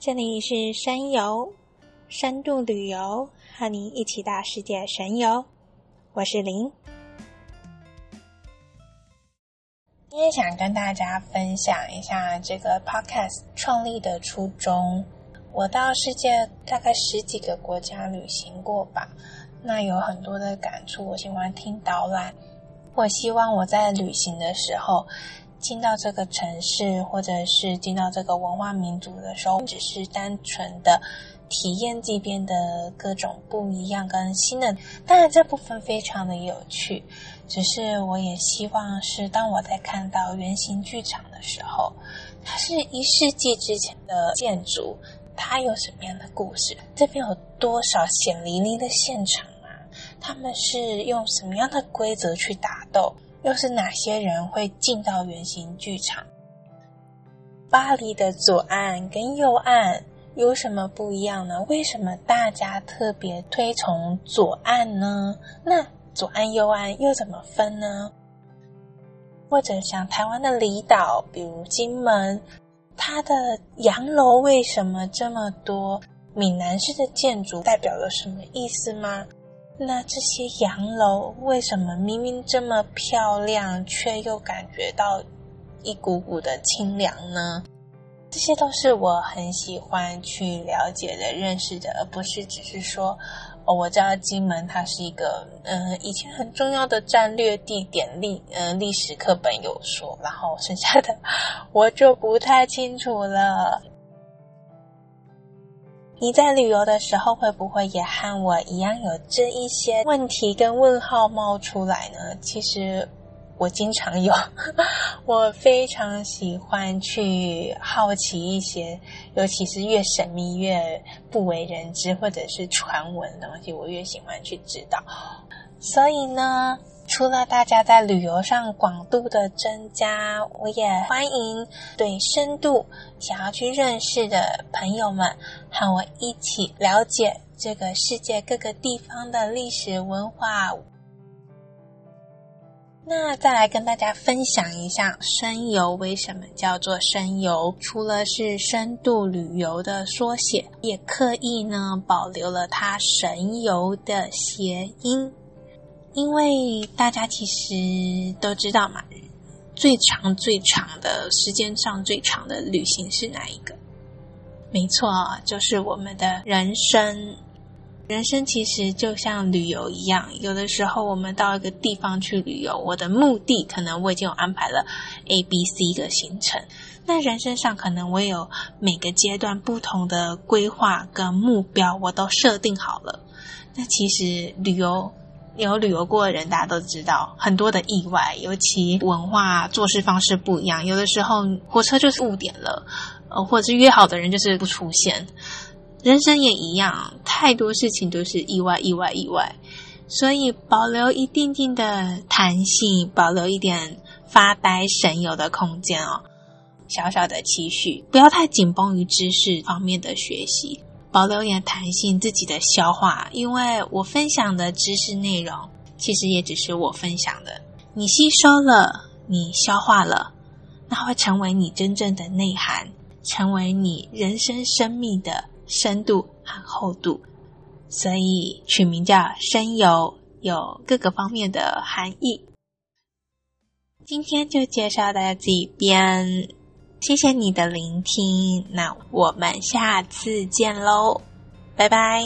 這裡是深遊，深度旅遊，和你一起到世界神遊。我是林，今天想跟大家分享一下這個 podcast 創立的初衷。我到世界大概十幾個國家旅行過吧，那有很多的感觸。我喜歡聽導覽，我希望我在旅行的時候。進到這個城市，或者是進到這個文化民族的時候，只是單純的體驗這邊的各種不一樣跟新的，當然這部分非常的有趣。只是我也希望是，當我在看到圓形劇場的時候，它是一世紀之前的建築，它有什麼樣的故事？這邊有多少血淋淋的現場啊？他們是用什麼樣的規則去打鬥？就是哪些人會進到圓形劇場？巴黎的左岸跟右岸有什麼不一樣呢？為什麼大家特別推崇左岸呢？那左岸右岸又怎麼分呢？或者像台灣的離島，比如金門，它的洋樓為什麼這麼多？閩南式的建築代表了什麼意思嗎？那這些洋樓為什麼明明這麼漂亮，卻又感覺到一股股的淒涼呢？這些都是我很喜歡去了解的、認識的，而不是只是說、哦、我知道金門它是一個嗯、呃、以前很重要的戰略地點，歷嗯、呃、歷史課本有說，然後剩下的我就不太清楚了。你在旅遊的時候會不會也和我一樣有這一些問題跟問號冒出來呢？其實我經常有，我非常喜歡去好奇一些，尤其是越神秘、越不為人知或者是傳聞的東西，我越喜歡去知道。所以呢。除了大家在旅遊上廣度的增加，我也歡迎對深度想要去認識的朋友們和我一起了解這個世界各個地方的歷史文化。那再來跟大家分享一下，深遊為什麼叫做深遊？除了是深度旅遊的縮寫，也刻意呢保留了它神遊的諧音。因為大家其實都知道嘛，最長、最長的，時間上最長的旅行是哪一個？沒錯，就是我們的人生。人生其實就像旅遊一樣，有的時候我們到一個地方去旅遊，我的目的可能我已經有安排了 A、B、C 的行程。那人生上可能我有每個階段不同的規劃跟目標，我都設定好了。那其實旅遊。有旅遊過的人，大家都知道很多的意外，尤其文化做事方式不一樣，有的時候火車就是誤點了，呃，或者是約好的人就是不出現。人生也一樣，太多事情都是意外，意外，意外。所以保留一定定的彈性，保留一點發呆神遊的空間哦，小小的期許，不要太緊繃於知識方面的學習。保留一點彈性，自己的消化，因為我分享的知識內容，其實也只是我分享的。你吸收了，你消化了，那會成為你真正的內涵，成為你人生生命的深度和厚度。所以取名叫深遊，有各個方面的含義。今天就介紹到這邊。謝謝你的聆聽，那我們下次見嘍，拜拜。